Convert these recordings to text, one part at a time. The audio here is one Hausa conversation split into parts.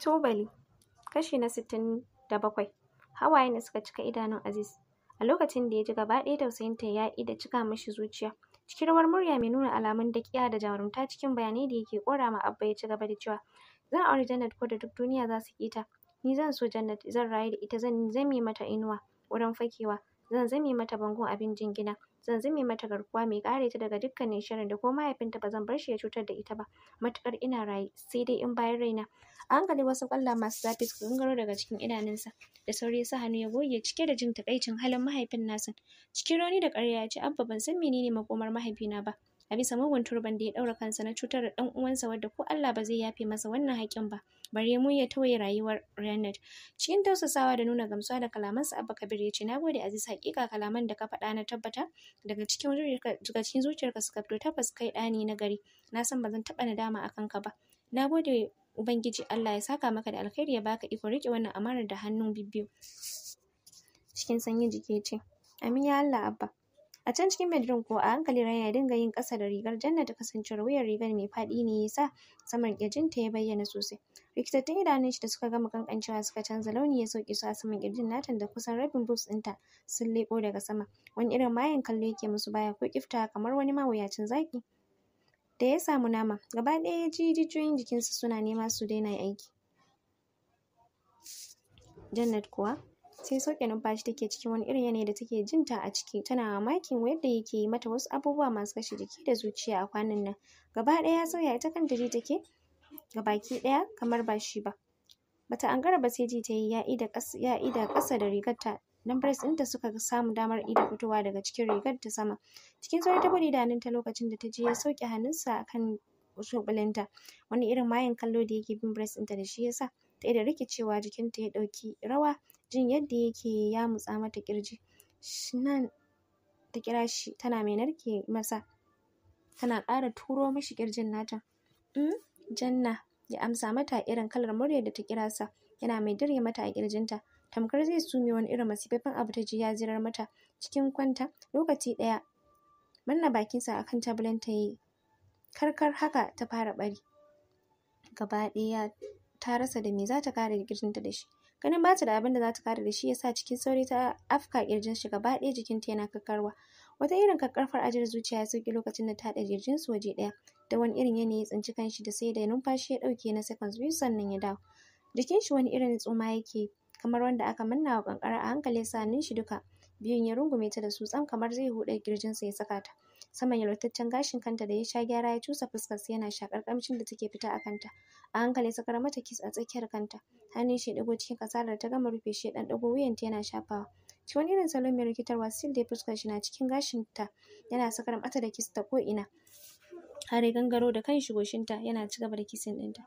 tubali kashi na sittin da bakwai hawayen da suka cika idanun Aziz a lokacin da ya ji gaba ɗaya tausayinta ya ƙi da cika mashi zuciya cikin rawar murya mai nuna alamun kiya da jarumta cikin bayanai da yake ƙora ma Abba ya ci gaba da cewa zan auri Jannat ko da duk duniya za su kita. ni zan so Jannat zan rayu da ita zan zame mata inuwa wurin fakewa zan zame mata bangon abin jingina zan zame mata garkuwa mai kare ta daga dukkanin shirin da ko mahaifinta ba zan bar shi ya cutar da ita ba matukar ina raye sai dai in bayan raina a hankali wasu kwalla masu zafi suka gangaro daga cikin idanunsa da sauri ya sa hannu ya goge cike da jin takaicin halin mahaifin nasa. cikin rauni da ƙarya ya ce abba ban san menene makomar mahaifina ba a bisa mugun turban da ya ɗaura kansa na cutar da ɗan uwansa wadda ko Allah ba zai yafe masa wannan haƙƙin ba bare mu ya tawaye rayuwar Renard cikin tausasawa da nuna gamsuwa da kalamansa Abba Kabir ya ce nagode Aziz hakika kalaman da ka faɗa na tabbata daga cikin daga cikin zuciyarka suka fito tabbas kai ɗani na gari na san ba zan taɓa nadama akan ka ba nagode Ubangiji Allah ya saka maka da alkhairi ya baka iko rike wannan amarar da hannun bibbiyu cikin sanyin jiki ce amin ya Allah Abba A can cikin bedroom ko a hankali Raya ya dinga yin ƙasa da rigar Janna ta kasance wuyar rigar mai faɗi ne ya sa saman ƙirjinta ya bayyana sosai. Rikitattun idanun shi da suka gama kankancewa suka canza launi ya sauke su a saman ƙirjin natan da kusan rabin boots ɗinta sun leƙo daga sama. Wani irin mayan kallo yake musu baya ko ƙifta kamar wani mawuyacin zaki. Da ya samu nama, gaba ɗaya ya ji jijiyoyin jikinsa suna nema su daina aiki. Jannat kuwa sai sauke numfashi take cikin wani irin yanayi da take jin ta a ciki tana mamakin yadda yake mata wasu abubuwa masu kashe jiki da zuciya a kwanan nan gaba ɗaya ya sauya ita kanta ji take gabaki ɗaya kamar ba shi ba bata an gara ba sai ji ta yi ya ida ƙasa da rigarta don bars ɗinta suka samu damar ido fitowa daga cikin rigar ta sama cikin sauri ta idanun ta lokacin da ta je ya sauke hannunsa akan shulɓulinta wani irin mayan kallo da yake bin bars ɗinta da shi yasa ta yi da rikicewa jikinta ya ɗauki rawa jin yadda yake ya mutsa mata ƙirji. nan ta kira shi tana mai narke masa tana ƙara turo mashi kirjin nata. in mm, Janna ya amsa mata irin kalar murya da ta kira sa yana mai dare mata a ƙirjinta. Tamkar zai sume wani irin masifafin abu ta ji ya zirar mata cikin kwanta lokaci ɗaya manna bakinsa akan tabulan ta yi karkar haka ta fara bari gaba ɗaya ta rasa da me za ta kare kirjinta da shi ganin bata da abin da za kare da shi yasa cikin sauri ta afka kirjin shi gaba ɗaya jikin ta yana kakkarwa wata irin kakkarfar ajiyar zuciya ya sauki lokacin da ta haɗa kirjin su waje ɗaya da wani irin yanayi tsinci kanshi da sai da numfashi ya ɗauke na seconds biyu sannan ya dawo jikin shi wani irin tsuma yake kamar wanda aka manna wa kankara a hankali sa sanin shi duka biyun ya rungume ta da su tsam kamar zai huɗe sa ya saka ta saman yalwataccen gashin kanta da ya sha gyara ya cusa fuskar sa yana shakar kamshin da take fita a kanta a hankali sakar mata kis a tsakiyar kanta hannun shi ɗigo cikin kasarar ta gama rufe shi ɗan ɗago wuyanta yana shafawa ci wani irin salon mai rikitarwa sil da fuskar shi na cikin gashin ta yana sakar mata da kis ta ko ina har gangaro da kan shi goshinta yana ci gaba da kisin ɗinta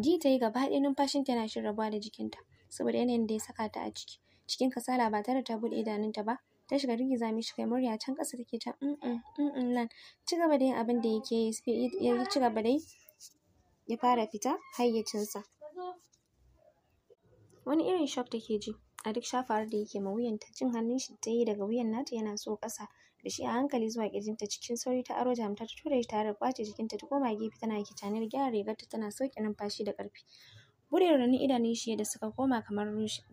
ji ta yi gaba ɗaya ta yana shin rabuwa da jikinta saboda yanayin da ya saka ta a ciki cikin kasala ba tare ta buɗe ta ba ta shiga rigi zami shi kai murya can ƙasa take ta mm nan ci gaba da yin abin da yake yi ya ci gaba da yi ya fara fita hayyacinsa. Wani irin shock take ji a duk shafawar da yake ma wuyanta jin hannun shi ta yi daga wuyan nata yana so ƙasa da shi a hankali zuwa ƙirjinta cikin sauri ta aro jamta ta tura shi tare da ƙwace jikinta ta koma gefe tana kicanar gyara rigarta tana sauke numfashi da ƙarfi. Buɗe rauni idanun shi da suka koma kamar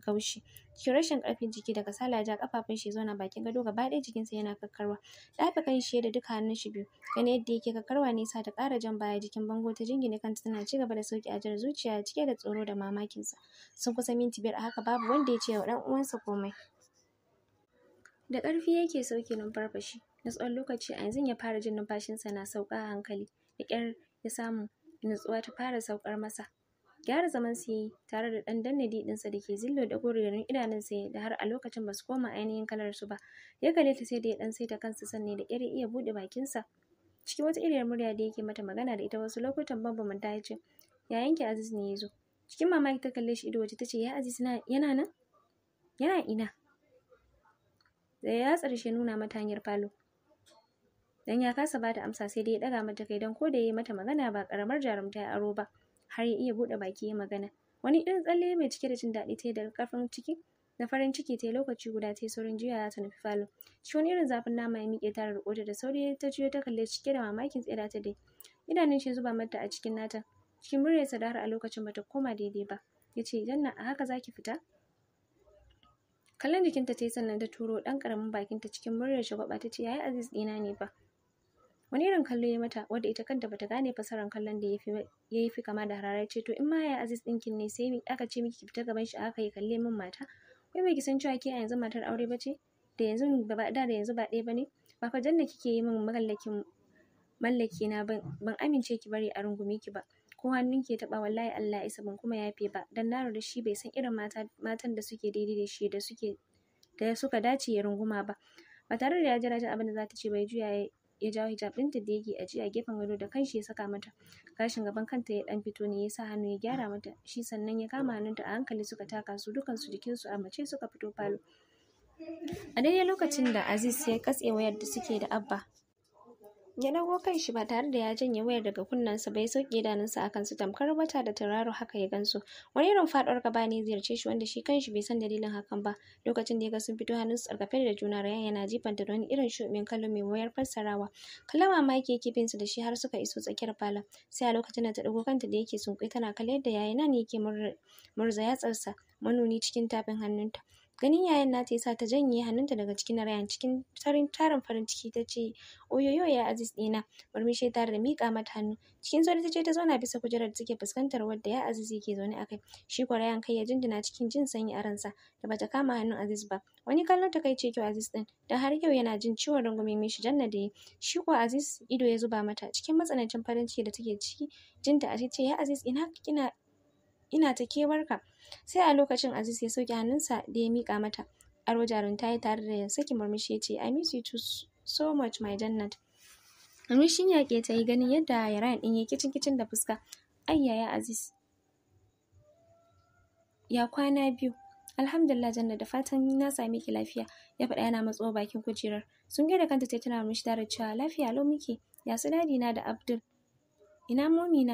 gaushi. Cikin rashin ƙarfin jiki da kasala ja kafafun shi zauna bakin gado gaba ɗaya jikinsa yana kakkarwa. Dafa kan shi da duka hannun shi biyu. Gani yadda yake ne nisa ta ƙara jan baya jikin bango ta jingine kanta tana cigaba da sauki a jar zuciya cike da tsoro da mamakinsa. Sun kusa minti biyar a haka babu wanda ya ce wa ɗan uwansa komai. Da ƙarfi yake sauke numfarfashi. Na tsawon lokaci a yanzu ya fara jin numfashin sa na sauka a hankali. Da ƙyar ya samu natsuwa ta fara saukar masa. gyara zaman su yayi tare da ɗan danne ɗinsa da ke zillo da goririn idanunsa sa da har a lokacin ba su koma ainihin kalar su ba ya kalle ta sai da ya ɗan saita kansa sanne da ƙyar iya buɗe bakinsa cikin wata iriyar murya da yake mata magana da ita wasu lokutan mabambanta ya ce yanke Aziz ne ya zo cikin mamaki ta kalle shi ido waje ta ce ya Aziz yana nan yana ina da ya tsarshe nuna mata hanyar falo dan ya kasa bata amsa sai da ya daga mata kai dan ko da yayi mata magana ba karamar jarumta ya aro ba har ya iya buɗe baki ya magana wani irin tsalle mai cike da jin daɗi ta yi da ƙarfin ciki na farin ciki ta yi lokaci guda ta yi saurin juya ta nufi falo shi wani irin zafin nama ya miƙe tare da da sauri ta juyo ta kalle cike da mamakin tsira ta dai idanun shi zuba mata a cikin nata cikin muryarsa da har a lokacin bata koma daidai ba ya ce na a haka zaki fita kallon jikinta ta yi sannan ta turo ɗan ƙaramin bakinta cikin muryar shagwaɓa ta ce yayi aziz ɗina ne ba wani irin kallo ya mata wadda ita kanta bata gane fasaran kallon da ya yi fi kama da harara ce to in ma ya aziz ɗinkin ne sai aka ce miki fita gaban shi aka yi kalle min mata kai bai san cewa ke a yanzu matar aure ba ce da yanzu da da yanzu ba ɗaya ba ne ba fa janna kike yi min mallakin mallaki na ban ban amince ki bari a rungume ki ba ko hannun ki taba taɓa wallahi Allah isa ban kuma yafe ba dan na da shi bai san irin mata matan da suke daidai da shi da suke da suka dace ya runguma ba ba tare da ya jira jin abin da za ta ce bai juya ya jawo hijab ta da yake ajiye a gefen gado da kanshi ya saka mata gashin gaban kanta ya ɗan fito ne ya sa hannu ya gyara mata shi sannan ya kama hannunta a hankali suka taka su dukansu jikinsu a mace suka fito falo a daidai lokacin da aziz ya katse wayar da suke da abba ya dago kan shi ba tare da ya janye wayar daga kunnensa bai ya sauke idanunsa akan su tamkar wata da tauraro haka ya gansu wani irin faɗuwar gaba ne ziyarce shi wanda shi kanshi bai san dalilin hakan ba lokacin da ya ga sun fito hannun su tsarkafe da juna rayan yana jifanta da wani irin shuɗin kalo mai wayar fassarawa kallon mamaki yake bin su da shi har suka iso tsakiyar falon sai a lokacin da ta ɗago kanta da yake sunkuyi tana kallon yadda yayi nan yake murza yatsarsa manoni cikin tafin hannunta Ganin yayan nata ya sa ta janye hannunta daga cikin rayan cikin tarin tarin farin ciki ta ce, Oyoyo ya Aziz ɗina, murmushi tare da miƙa mata hannu. Cikin sauri ta ta zauna bisa kujerar da take fuskantar wadda ya Aziz yake zaune a kai. Shi ko kai ya jinjina cikin jin sanyi a ransa da bata kama hannun Aziz ba. Wani kallon ta kai ce kyau Aziz din. dan har yau yana jin ciwon rungume shi. janna da yi. Shi ko Aziz ido ya zuba mata cikin matsanancin farin ciki da take ciki, jinta a ce ya Aziz ina kina ina ta kewarka. sai a lokacin Aziz ya sauke hannunsa da ya miƙa mata aro jarunta ya tare da saki murmushi ya ce I miss you too so much my jannat murmushin ke ta yi ganin yadda Yaran ɗin ya kicin kicin da fuska ai Aziz ya kwana biyu alhamdulillah janna da fatan na same ki lafiya ya faɗa yana matso bakin kujerar sun gaida kanta ta tana murmushi tare cewa lafiya lau muke ya su dadi na da abdul ina momi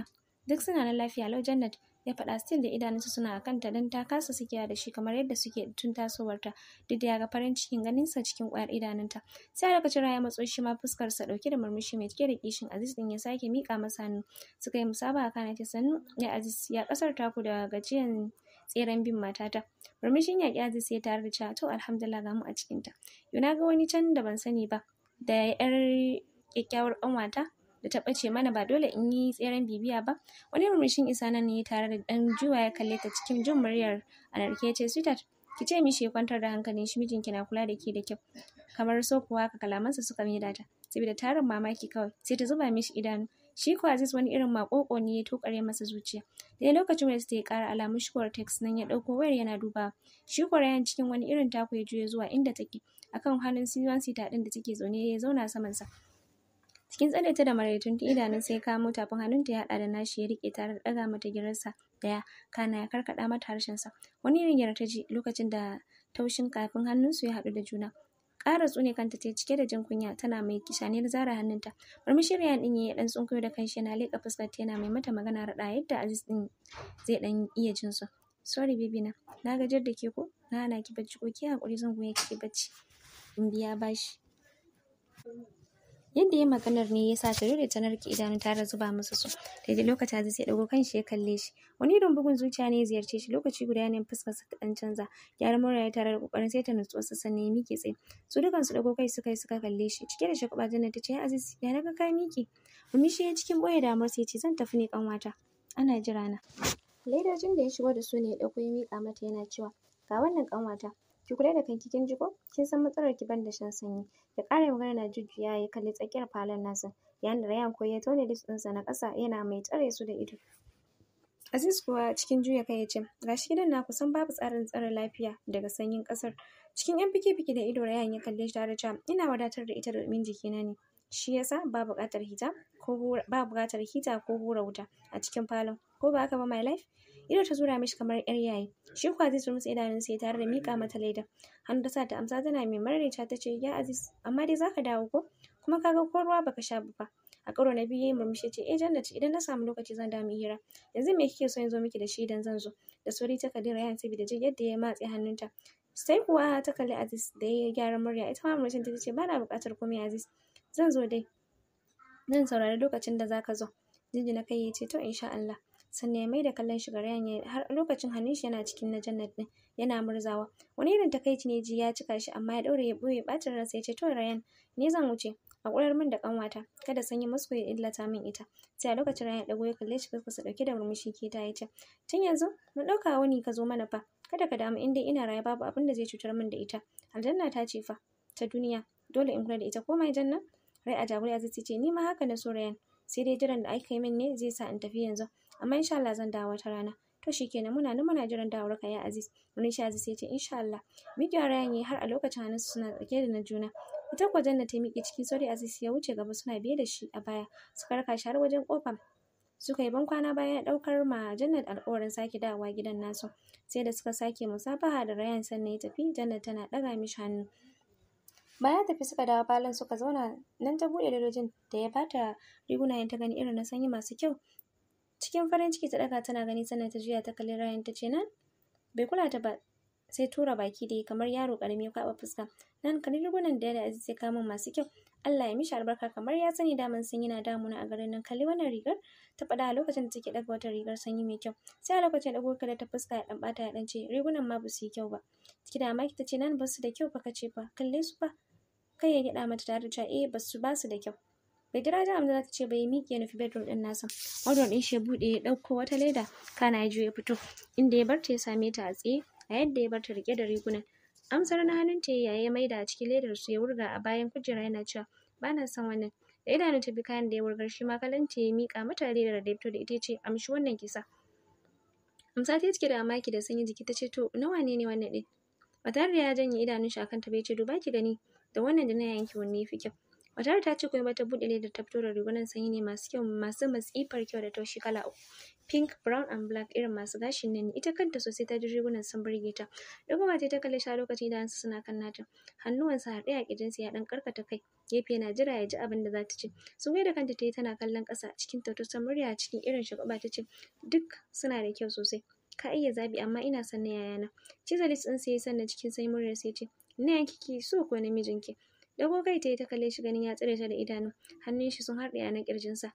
duk suna na lafiya lau jannat ya faɗa still da idanunsa suna a kanta don ta kasa sikiya da shi kamar yadda suke tun tasowarta duk da ya ga farin cikin ganinsa cikin ƙwayar idanunta sai aka cira ya matso shi ma fuskarsa ɗauke da murmushi mai cike da kishin aziz din ya sake miƙa masa hannu suka yi a kana ta sannu ya aziz ya ƙasar taku da gajiyan tseren bin matata murmushin yaƙi aziz ya tare da cewa to alhamdulillah ga mu a cikinta yau na ga wani can da ban sani ba da 'yar kyakkyawar ƙanwata da ta ɓace mana ba dole in yi tseren bibiya ba wani murmushin isa nan ne tare da ɗan juwa ya kalle ta cikin jin muryar anarke narke ce sweetheart ki ce mishi ya kwantar da hankalin shi mijinki na kula da ke da kyau kamar so kuwa ka kalamansa suka maida ta saboda tarin mamaki kawai sai ta zuba mishi idanu shi ko Aziz wani irin makoko ne ya tokare masa zuciya da lokacin wayar ta yi kara alamun shigowar text nan ya dauko wayar yana duba shi ko cikin wani irin taku ya juya zuwa inda take akan hannun c sita din da take zaune ya zauna saman sa Cikin tsare ta da maraitun ta idanun sai kamo tafin hannunta ya hada da nashi ya rike tare da daga mata girarsa daya kana ya karkaɗa mata harshen sa. Wani irin gyara ta ji lokacin da taushin kafin hannunsu ya hadu da juna. kara tsune kanta ta cike da jin kunya tana mai kishaniyar zara hannunta murmushin rayan din ya dan tsunkuyo da kanshi yana leka fuskar ta yana mai mata magana raɗa yadda Aziz din zai dan iya jin su sorry baby na na gajar da ke ko na na ki bacci ko ki hakuri zan goye ki bacci in biya bashi yadda ya maganar ne ya sa rure ta narke idanu tare zuba masa su daidai lokacin zai ya dago kanshi ya kalle shi wani irin bugun zuciya ne ya ziyarce shi lokaci guda ne fuskar sa dan canza gyaran murya ya tare da kokarin sai ta nutsu wasu sannan ya miƙe tsaye su dukan su dago kai suka yi suka kalle shi cike da shagaba jannan ta ce Aziz ya daga ka miƙe shi ya cikin boye da masa ya ce zan tafi ne kanwata ana jira na ledojin da ya shigo da su ne ya dauko ya miƙa mata yana cewa ga wannan kanwata ki kula da kanki kin ji ko kin san matsalar ki banda shan sanyi da ƙara magana na jujju ya kalli tsakiyar falon nasa yayin da rayan ko ya tone lips ɗinsa na ƙasa yana mai tsare su da ido Aziz kuwa cikin juya kai ya ce gashi gidan na kusan babu tsarin tsare lafiya daga sanyin ƙasar cikin yan fike-fike da ido rayan ya kalle shi tare da ina wadatar da ita da jiki jikina ne shi yasa ba buƙatar hita ko ba buƙatar hita ko hura wuta a cikin falon ko ba haka ba my life ido ta zura mishi kamar yar yayi shi kuwa aziz rumtsa idanun sai tare da mika mata laida hannu ta sa ta amsa tana mai mararita ta ce ya aziz amma dai zaka dawo ko kuma kaga ko ruwa baka sha ba a karo na biyu yayin murmushi ce eh jannati idan na samu lokaci zan damu hira yanzu me kike so in zo miki da shi idan zan zo da sauri ta kadira ya da jin yadda ya matsi hannunta sai kuwa ta kalli aziz da ya gyaran murya ita ma murmushin ta ce ba na buƙatar komai aziz zan zo dai zan saurari lokacin da zaka zo jinjina kai ya to insha Allah sannan ya maida kallon shi ga Ryan har lokacin hannun shi yana cikin na Jannat din yana murzawa wani irin takaici ne ji ya cika shi amma ya daure ya boye bacin ransa ya ce to rayan ni zan wuce a kurar min da kanwata kada sanyi musu ya illata min ita sai a lokacin ya dago ya kalle shi kusa dauke da murmushi ke ta yace tun yanzu mun dauka wani ka zo mana fa kada ka damu inda ina raye babu abin da zai cutar min da ita aljanna ta ce fa ta duniya dole in kula da ita komai janna rai a jagora zai ce ni ma haka na so rayan sai dai jiran da aka yi min ne zai sa in tafi yanzu amma insha Allah zan dawo wata rana to shikenan muna nan muna jiran dawar ka ya Aziz wani shi Aziz ya ce insha Allah miƙewa rayan yayi har a lokacin su suna tsake da na juna ita kuwa janna ta miƙe cikin sauri Aziz ya wuce gaba suna biye da shi a baya suka karka shi har wajen kofa suka yi ban kwana bayan ɗaukar ma Jannat alƙawarin sake dawa gidan nasu sai da suka sake musafaha da rayan sannan ya tafi Jannat tana ɗaga mishi hannu bayan tafi suka dawo falon suka zauna nan ta buɗe darajin da ya bata riguna ta gani irin na sanyi masu kyau cikin farin ciki ta ɗaga tana gani sannan ta juya ta kalli Ryan ta ce nan bai kula ta ba sai tura baki dai kamar yaro karami ya kwaba fuska nan kalli rigunan da da Aziz sai kama masu kyau Allah ya mishi albarka kamar ya sani daman sun yana damuna a garin nan kalli wannan rigar ta fada a lokacin da take daga wata rigar sanyi mai kyau sai a lokacin da ɗago da ta fuska ya dan bata ya dan ce rigunan ma ba su yi kyau ba ciki da maki ta ce nan ba su da kyau ba ka ce fa kalle su fa kai ya gida mata tare da cewa eh ba su ba su da kyau bai jira da za ta ce bai miƙe ya nufi bedroom ɗin nasa odon ɗin shi ya buɗe ya dauko wata leda kana ya ya fito inda ya barta ya same ta a tsaye a yadda ya barta rike da rigunan amsar na hannun ta yayi ya maida a cikin ledar su ya wurga a bayan kujera yana cewa ba na son wannan da idanu ta bi kayan da ya wurgar shi ma kalan ta ya miƙa mata ledar da ya fito da ita ce amshi wannan kisa amsa ta cike da amaki da sanyi jiki ta ce to nawa ne ne wannan ɗin ba tare da ya janye idanun shi akan ta bai ce duba ki gani da wannan da na yanki wanne ya fi kyau Matar ta ce kuma ta buɗe ledar ta fito da rigunan sanyi ne masu kyau masu masifar kyau da taushi kala uku. Pink, brown and black irin masu gashin nan Ita kanta sosai ta ji rigunan sun burge ta. Dogoma ta kalle shi a lokacin idanunsa suna kan nata. Hannuwansa haɗe a ƙirjinsa ya ɗan karkata kai. Gefe yana jira ya ji abin da za ta ce. Sunwai da kanta ta yi tana kallon ƙasa cikin tautausan murya cikin irin shagwaba ta ce duk suna da kyau sosai. Ka iya zabi amma ina son na yayana. Cizalis ɗin sai ya sanna cikin sai murya sai ce ina yanki ki so ko namijinki. Dago kai ta yi ta kalle shi ganin ya tsare ta da idanu. Hannun shi sun harɗe a na sa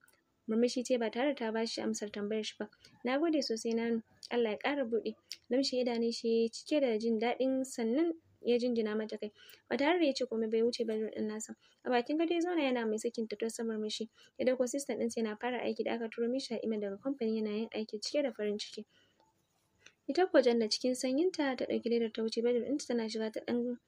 Murmushi ce ba tare ta ba shi amsar tambayar shi ba. Na gode sosai na, Allah ya ƙara buɗe. Lamshi idanun shi cike da jin daɗin sannan ya jinjina mata kai ba tare da ya ce komai bai wuce ba din nasa a bakin gado ya zauna yana mai sakin tattun sa murmushi. ya dauko sistan din yana fara aiki da aka turo mishi a imel daga kamfani yana yin aiki cike da farin ciki ita kuwa janna cikin sanyinta ta ɗauki ledar ta wuce bedroom ɗinta tana shiga ta ɗan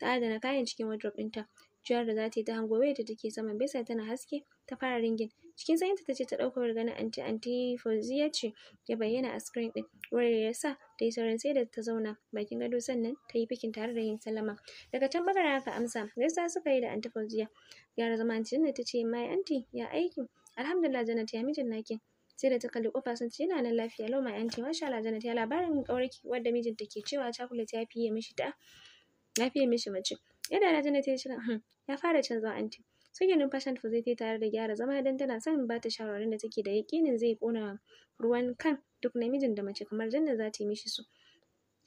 ta adana kayan cikin wardrobe ɗinta juyar da za ta yi ta hango wayarta take saman besa tana haske ta fara ringin cikin sanyinta ta ce ta ɗauka wayar anti anti fauziya ce ya bayyana a screen ɗin wayar ya sa ta yi saurin sai da ta zauna bakin gado sannan ta yi fikin tare da yin sallama daga can bangaren aka amsa gaisa suka yi da anti fauziya gyara zama anti jannat ta ce mai anti ya aiki alhamdulillah jannat ya mijin na naki sai da ta kalli kofa sun ce yana nan lafiya lau mai anti masha Allah jannat ya labarin ki wadda mijinta ke cewa cakulet ya fiye mishi ta ya fiye mishi mace yadda da ta yi shirin hmm ya fara canzawa anti sanya numfashin ta zai tare da gyara zama don tana son ba ta shawarar da take da yakinin zai kona ruwan kan duk namijin da mace kamar Janna za ta yi mishi su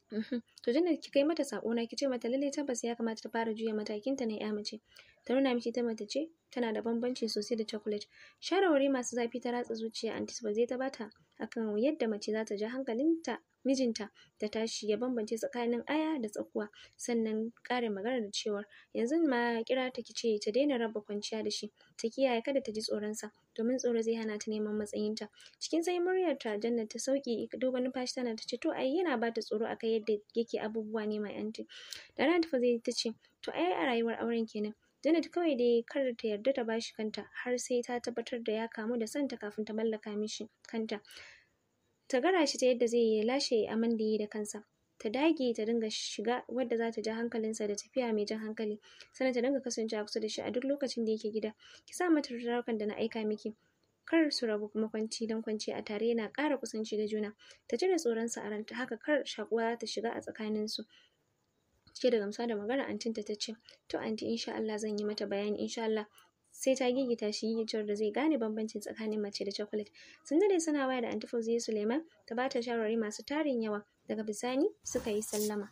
hmm, to Janna ki kai mata sako na ki ce mata lalle tabbas ya kamata ta fara juya matakin ta na ya mace ta nuna mishi ta mata ce tana da bambanci sosai da chocolate shawarwari masu zafi ta ratsa zuciya anti ba zai ta bata akan yadda mace za ta ja hankalinta mijinta ta tashi ya bambance tsakanin aya da tsakuwa sannan ƙara magana da cewa yanzu ma kira ta ce ta daina raba kwanciya da shi ta kiyaye kada ta ji tsoron sa domin tsoro zai hana ta neman matsayin ta cikin sai muryar ta Jannat ta sauki dogon numfashi tana ta ce to ai yana bata tsoro akai yadda yake abubuwa ne mai anti da ran ta zai ta ce to ai a rayuwar auren kenan Janet kawai dai kar ta yarda ta bashi kanta har sai ta tabbatar da ya kamu da santa kafin ta mallaka mishi kanta. ta gara shi ta yadda zai yi lashe aman da yi da kansa ta dage ta dinga shiga wadda za ta ja hankalinsa da tafiya mai jan hankali sannan ta dinga kasance a kusa da shi a duk lokacin da yake gida ki sa mata turarukan da na aika miki kar su rabu kuma kwanci don kwanci a tare yana kara kusanci da juna ta cire tsoronsa a ranta haka kar shakuwa za ta shiga a tsakaninsu cike da gamsa da magana antinta ta ce to anti insha Allah zan yi mata bayani insha Allah sai ta gigita shi gigitar da zai gane bambancin tsakanin mace da chocolate sun dade suna waya da anti su suleiman ta bata shawarwari masu tarin yawa daga bisani suka yi sallama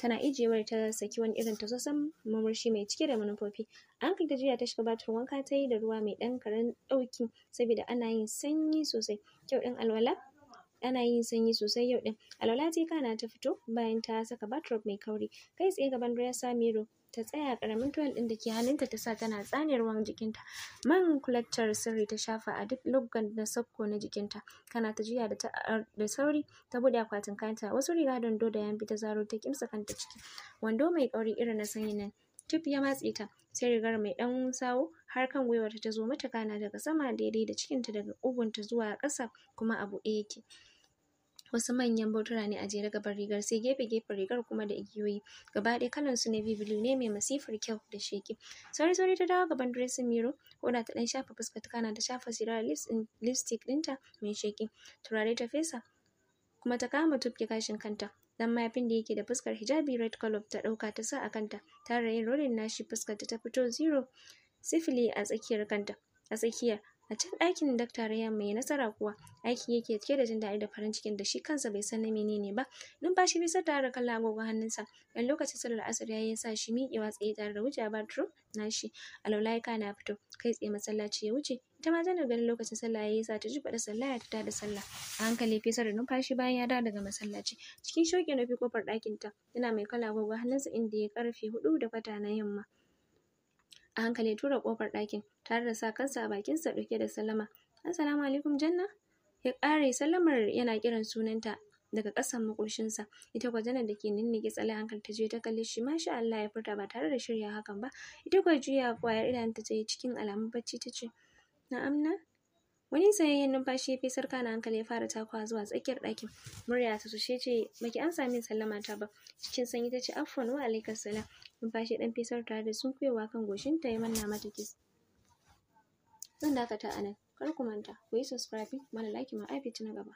tana ijewar ta saki wani irin ta tasosan mamurshi mai cike da manufofi an kai ta jiya ta shiga batar wanka ta yi da ruwa mai dan karen dauki saboda ana yin sanyi sosai kyau ɗin alwala ana yin sanyi sosai yau din alwala ta kana ta fito bayan ta saka batrop mai kauri kai tsaye gaban dressa miro ta tsaya ƙaramin tuwal ɗin da ke hannunta ta sa tana tsane ruwan jikinta man kulatar sirri ta shafa a duk lugan na sakko na jikinta kana ta juya da, da sauri ta buɗe akwatin kanta wasu riga dondo da yambi ta zaro ta kimsa kanta ciki wando mai ƙauri irin na sanyi nan tuf ya matse ta sai rigar mai ɗan sawo har kan gwiwarta ta zo mata kana daga sama daidai da cikinta daga ƙugunta zuwa ƙasa kuma a buɗe yake wasu manyan botuna ne a jere gaban rigar sai gefe gefen rigar kuma da igiyoyi gaba ɗaya kalan su navy blue ne mai masifar kyau da sheki sauri sauri ta dawo gaban dressing mirror da ta ɗan shafa fuska ta kana ta shafa sirar lipstick ɗinta mai sheki turare ta fesa kuma ta kama tufke gashin kanta dan mayafin da yake da fuskar hijabi red color ta ɗauka ta sa a kanta tare yin rolling nashi fuskar ta fito zero sifili a tsakiyar kanta a tsakiya a can ɗakin dakta Rayyan mai nasara kuwa aiki yake cike da jin daɗi da farin cikin da shi kansa bai san na menene ba numfashi bisa tare da kallon agogon hannunsa ɗan lokacin sallar asar ya sa shi miƙewa tsaye tare da wuce a bathroom nashi alaulaika na fito kai tsaye masallaci ya wuce ita ma zanar ganin lokacin sallah ya yi sa ta ji faɗa sallah ya fita da sallah a hankali fesa da numfashi bayan ya dawo daga masallaci cikin shauƙi na fi kofar ɗakin ta yana mai kala agogon hannunsa inda ya karfe hudu da kwata na yamma a hankali tura kofar ɗakin tare da sa kansa a bakin sa ɗauke da sallama assalamu alaikum janna ya ƙare sallamar yana kiran sunanta daga ƙasan maƙoshinsa ita kwa janar da ke ninnige tsala hankali ta je ta kalli shi masha Allah ya furta ba tare da shirya hakan ba ita kwa juya kwayar idan ta je cikin alamun bacci ta ce na'am na wani sayayyen numfashi ya fi sarka na hankali ya fara takuwa zuwa tsakiyar ɗakin murya ta sushe ce baki an sami sallama ta ba cikin sanyi ta ce afwan wa alaikas salam numfashi ɗan fesar tare da sunkuyowa kan goshinta ya manna mata kis zan dakata a nan kar ku manta ku yi subscribing mana like ma aibici na gaba